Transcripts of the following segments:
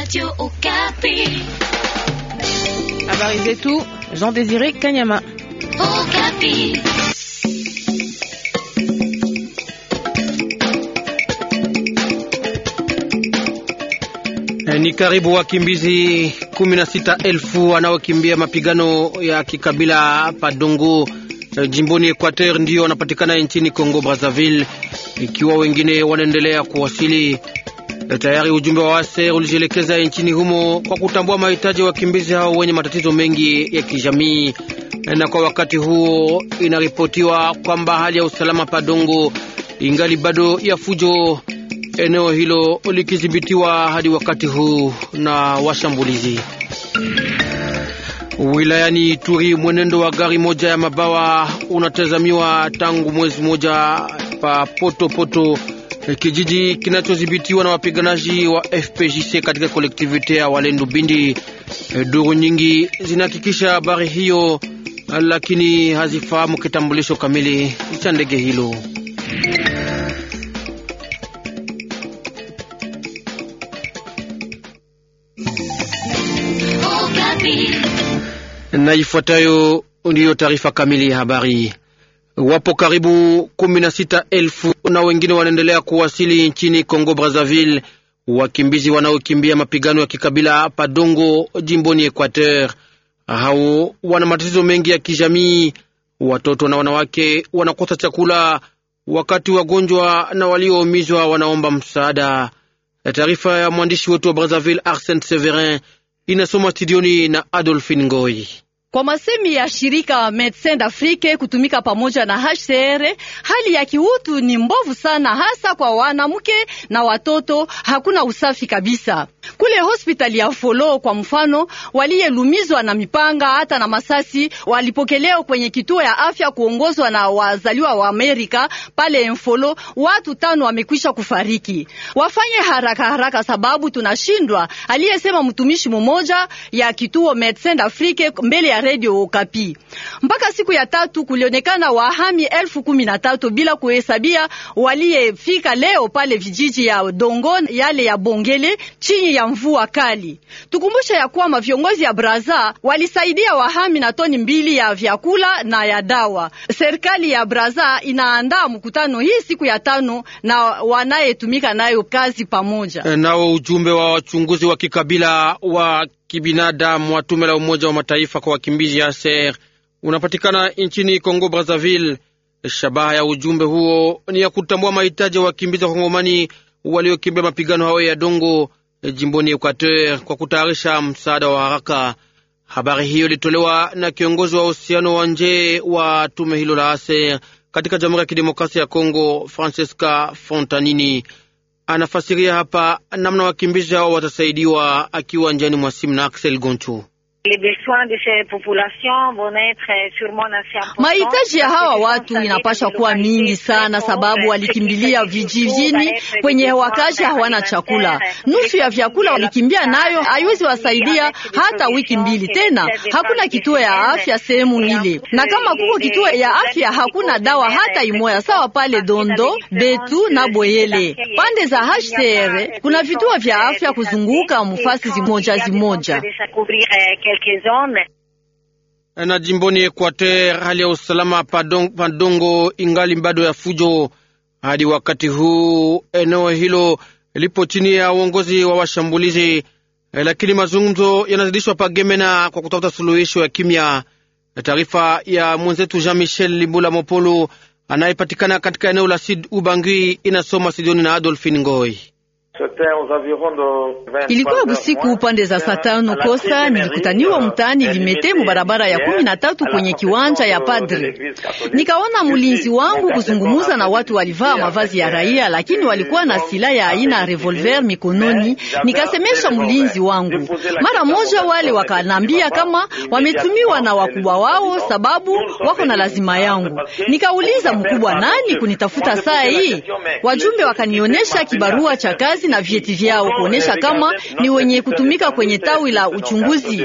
Radio Okapi. Habari zetu, Jean Désiré Kanyama. Okapi. Eh, ni karibu wakimbizi elfu wanaokimbia mapigano ya kikabila Padongo eh, jimboni Equateur ndio wanapatikana nchini Kongo Brazzaville, ikiwa wengine wanaendelea kuwasili. Na tayari ujumbe wa wase ulijielekeza nchini humo kwa kutambua mahitaji ya wakimbizi hao wenye matatizo mengi ya kijamii. Na kwa wakati huo inaripotiwa kwamba hali ya usalama Padongo ingali bado ya fujo, eneo hilo likidhibitiwa hadi wakati huu na washambulizi. Wilayani Ituri, mwenendo wa gari moja ya mabawa unatazamiwa tangu mwezi mmoja pa Potopoto poto, Eh, kijiji kinachodhibitiwa na wapiganaji wa FPJC katika kolektivite ya Walendu Bindi. Eh, duru nyingi zinahakikisha habari hiyo, eh, lakini hazifahamu kitambulisho kamili cha ndege hilo. Na ifuatayo ndiyo taarifa kamili ya habari wapo karibu kumi na sita elfu na wengine wanaendelea kuwasili nchini Kongo Brazzaville, wakimbizi wanaokimbia mapigano ya kikabila Padongo jimboni Equateur. Hao wana matatizo mengi ya kijamii. Watoto na wanawake wanakosa chakula, wakati wagonjwa na walioumizwa wanaomba msaada. Taarifa ya mwandishi wetu wa Brazzaville Arsène Severin inasoma studioni na Adolphine Ngoi. Kwa masemi ya shirika Medecins d'Afrique kutumika pamoja na HCR, hali ya kiutu ni mbovu sana, hasa kwa wanamke na watoto. Hakuna usafi kabisa kule hospitali ya Folo kwa mfano, waliyelumizwa na mipanga hata na masasi walipokelewa kwenye kituo ya afya kuongozwa na wazaliwa wa Amerika pale Mfolo, watu tano wamekwisha kufariki. Wafanye haraka haraka, sababu tunashindwa, aliyesema mtumishi mmoja ya kituo Medecins Afrique mbele ya Radio Okapi. Mpaka siku ya tatu kulionekana wahami elfu kumi na tatu bila kuhesabia waliyefika leo pale vijiji ya Dongon yale ya Bongele chini ya mvua kali. Tukumbushe ya kwamba viongozi ya Braza walisaidia wahami na toni mbili ya vyakula na ya dawa. Serikali ya Braza inaandaa mkutano hii siku ya tano na wanayetumika nayo kazi pamoja. Eh, nao ujumbe wa wachunguzi wa kikabila wa kibinadamu wa tume la Umoja wa Mataifa kwa wakimbizi ASER unapatikana nchini Kongo Brazzaville. Shabaha ya ujumbe huo ni ya kutambua mahitaji ya wakimbizi wa Kongomani waliokimbia mapigano hayo ya Dongo jimboni Equateur kwa kutayarisha msaada wa haraka. Habari hiyo ilitolewa na kiongozi wa uhusiano wa nje wa tume hilo la ASER katika Jamhuri ya Kidemokrasia ya Kongo, Francesca Fontanini anafasiria hapa namna wakimbizi hao watasaidiwa, akiwa njiani mwa simu na Axel Gonchu. Les besoins de ces populations vont être euh, sûrement assez importants. Mahitaji ya hawa watu inapasha kuwa mingi sana, sababu walikimbilia vijijini kwenye hewakazi, hawana chakula. Nusu ya vyakula walikimbia nayo haiwezi wasaidia hata wiki mbili tena. Hakuna kituo ya afya sehemu ile, na kama kuko kituo ya afya hakuna dawa hata imoya, sawa pale Dondo, Betu na Boyele pande za HCR kuna vituo vya afya kuzunguka mufasi zimoja zimoja quelques hommes eh, na jimboni Equateur hali ya usalama Pandongo ingali mbado ya fujo hadi wakati huu. Eneo hilo lipo chini ya uongozi wa washambulizi, eh, lakini mazungumzo yanazidishwa Pagemena kwa kutafuta suluhisho ya kimya. Eh, taarifa ya mwenzetu Jean Michel Limbula Mopolo anayepatikana katika eneo la Sud Ubangi inasoma Sidoni na Adolfin Ngoi. Ilikuwa usiku upande za saa tano kosa nilikutaniwa mtaani Limete mubarabara ya kumi na tatu kwenye kiwanja ya padri. Nikaona mlinzi wangu kuzungumuza na watu walivaa mavazi ya raia, lakini walikuwa na silaha ya aina ya revolver mikononi. Nikasemesha mlinzi wangu mara moja, wale wakanambia kama wametumiwa na wakubwa wao, sababu wako na lazima yangu. Nikauliza mkubwa nani kunitafuta saa hii? Wajumbe wakanionyesha kibarua cha kazi na vyeti vyao kuonesha kama ni wenye kutumika kwenye tawi la uchunguzi.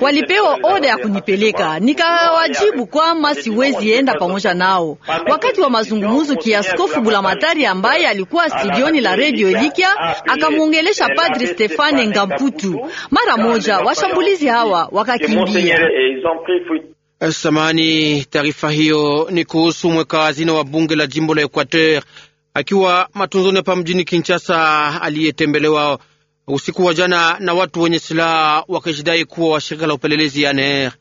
Walipewa oda ya kunipeleka, nikawajibu kwamba siwezi enda pamoja nao. Wakati wa mazungumzo, kiaskofu Bulamatari ambaye alikuwa studioni la redio Elikia akamwongelesha Padri Stefane Ngamputu. Mara moja washambulizi hawa wakakimbia. Samani, taarifa hiyo ni kuhusu mweka hazina wa bunge la jimbo la Equateur akiwa matunzoni hapa mjini Kinshasa, aliyetembelewa usiku wa jana na watu wenye silaha wakishidai kuwa wa shirika la upelelezi ANR.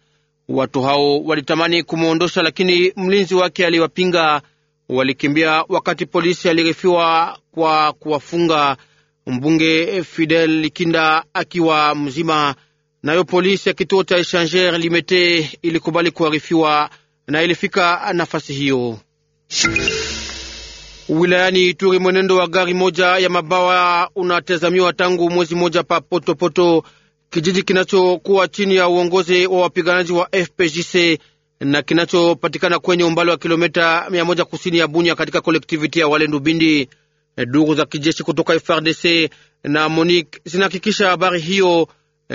Watu hao walitamani kumwondosha, lakini mlinzi wake aliwapinga. Walikimbia wakati polisi alirefiwa kwa kuwafunga. Mbunge Fidel Likinda akiwa mzima. Nayo polisi ya kituo cha Echanger Limete ilikubali kuarifiwa na ilifika nafasi hiyo. Wilayani Ituri, mwenendo wa gari moja ya mabawa unatazamiwa tangu mwezi moja pa Potopoto, kijiji kinachokuwa chini ya uongozi wa wapiganaji wa FPJC na kinachopatikana kwenye umbali wa kilomita mia moja kusini ya Bunya katika kolektiviti ya Walendu Bindi. Duru za kijeshi kutoka frdc na MONUC zinahakikisha habari hiyo.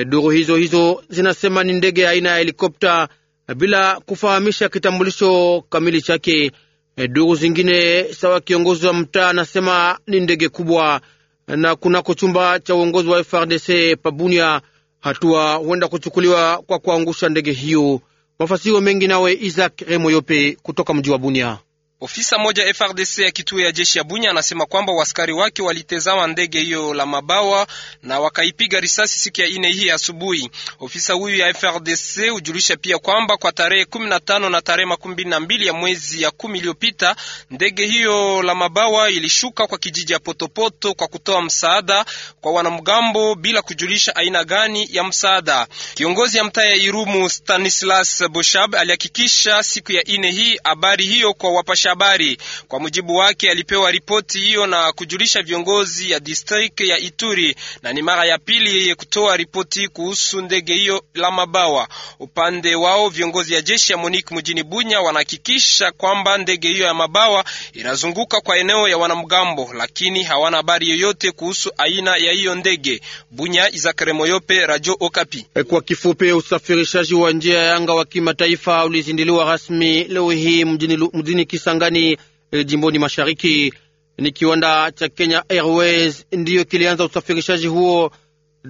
Duru hizo hizo zinasema ni ndege aina ya helikopta bila kufahamisha kitambulisho kamili chake. Eh, Duru zingine sawa kiongozi wa mtaa anasema ni ndege kubwa, na kunako chumba cha uongozi wa FRDC Pabunia hatua huenda kuchukuliwa kwa kuangusha ndege hiyo. Mafasiro mengi nawe Isaac Remoyope kutoka mji wa Bunia. Ofisa mmoja FRDC ya kituo ya jeshi ya Bunya anasema kwamba waskari wake walitezama ndege hiyo la mabawa na wakaipiga risasi siku ya ine hii asubuhi. Ofisa huyu ya FRDC hujulisha pia kwamba kwa tarehe 15 na tarehe mbili ya mwezi ya kumi iliyopita ndege hiyo la mabawa ilishuka kwa kijiji ya Potopoto kwa kutoa msaada kwa wanamgambo bila kujulisha aina gani ya msaada. Kiongozi ya mtaa ya Irumu Stanislas Boshab alihakikisha siku ya ine hii habari hiyo kwa wapasha habari. Kwa mujibu wake, alipewa ripoti hiyo na kujulisha viongozi ya district ya Ituri, na ni mara ya pili yeye kutoa ripoti kuhusu ndege hiyo la mabawa. Upande wao viongozi ya jeshi ya MONUC mjini Bunya wanahakikisha kwamba ndege hiyo ya mabawa inazunguka kwa eneo ya wanamgambo, lakini hawana habari yoyote kuhusu aina ya hiyo ndege. Bunya, Izakare Moyope, Radio Okapi. Eh, kwa kifupi, usafirishaji wa njia ya anga wa kimataifa ulizinduliwa rasmi leo hii mjini, mjini Kisangani angani e, jimboni mashariki. Ni kiwanda cha Kenya Airways ndiyo kilianza usafirishaji huo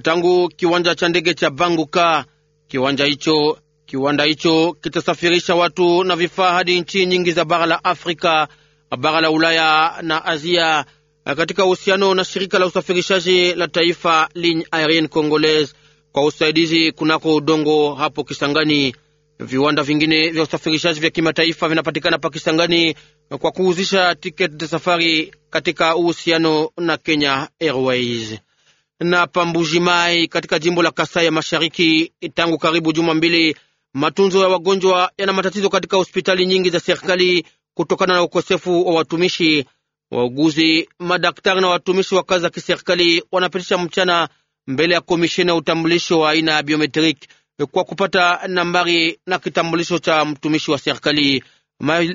tangu kiwanja cha ndege cha Banguka. Kiwanja hicho kiwanda hicho kitasafirisha watu na vifaa hadi nchi nyingi za bara la Afrika, bara la Ulaya na Asia, katika uhusiano na shirika la usafirishaji la taifa Ligne Aerienne Congolaise kwa usaidizi kunako udongo hapo Kisangani. Viwanda vingine vya usafirishaji vya kimataifa vinapatikana Pakistangani kwa kuuzisha tiketi za safari katika uhusiano na Kenya Airways. Na mai katika jimbo la Kasai ya Mashariki, tangu karibu juma mbili, matunzo ya wagonjwa yana matatizo katika hospitali nyingi za serikali kutokana na ukosefu wa watumishi wauguzi, madaktari na watumishi wa kazi za kiserikali wanapitisha mchana mbele ya komisheni ya utambulisho wa aina ya biometriki kwa kupata nambari na kitambulisho cha mtumishi wa serikali.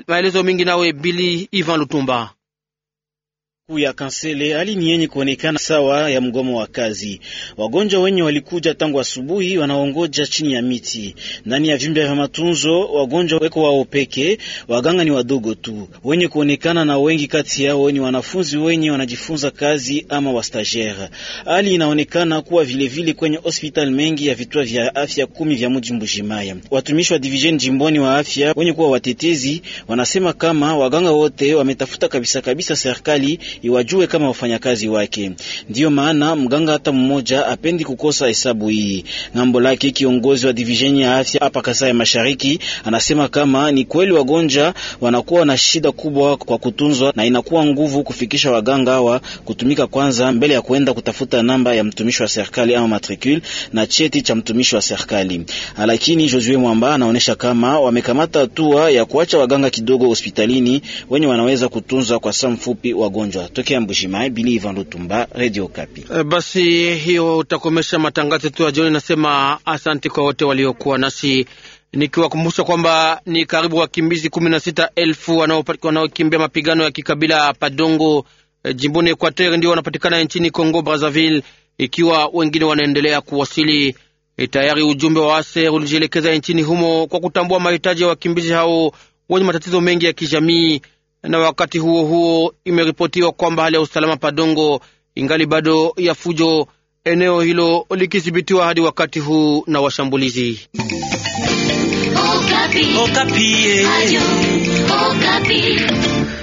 Maelezo mengi nawe Bili Ivan Lutumba kuu ya Kansele hali ni yenye kuonekana sawa ya mgomo wa kazi. Wagonjwa wenye walikuja tangu asubuhi wanaongoja chini ya miti ndani ya vyumba vya matunzo. Wagonjwa weko wao peke, waganga ni wadogo tu wenye kuonekana, na wengi kati yao ni wanafunzi wenye wanajifunza kazi ama wastagiaire. Hali inaonekana kuwa vilevile vile kwenye hospitali mengi ya vituo vya afya kumi vya mji Mbujimaya. Watumishi wa division jimboni wa afya wenye kuwa watetezi wanasema kama waganga wote wametafuta kabisa kabisa serikali iwajue kama wafanyakazi wake. Ndiyo maana mganga hata mmoja apendi kukosa hesabu hii. Ngambo lake kiongozi wa divisheni ya afya hapa Kasai Mashariki anasema kama ni kweli wagonja wanakuwa na shida kubwa kwa kutunzwa na inakuwa nguvu kufikisha waganga hawa kutumika kwanza mbele ya kuenda kutafuta namba ya mtumishi wa serikali ama matricule na cheti cha mtumishi wa serikali. Lakini Josue Mwamba anaonesha kama wamekamata hatua ya kuacha waganga kidogo hospitalini wenye wanaweza kutunza kwa saa mfupi wagonjwa. Tokea Mbushimai, Biliva Lutumba, Radio Kapi. Eh, basi hiyo utakomesha matangazo yetu ya jioni. Nasema asante kwa wote waliokuwa nasi nikiwakumbusha kwamba ni karibu wakimbizi kumi na sita elfu wanaokimbia mapigano ya kikabila Padongo eh, jimboni Equateur ndio wanapatikana nchini Congo Brazzaville, ikiwa wengine wanaendelea kuwasili. Eh, tayari ujumbe wa ASER ulijielekeza nchini humo kwa kutambua mahitaji ya wakimbizi hao wenye matatizo mengi ya kijamii na wakati huo huo imeripotiwa kwamba hali ya usalama Padongo ingali bado ya fujo, eneo hilo likithibitiwa hadi wakati huu na washambulizi. Okapi. Okapi. Eh.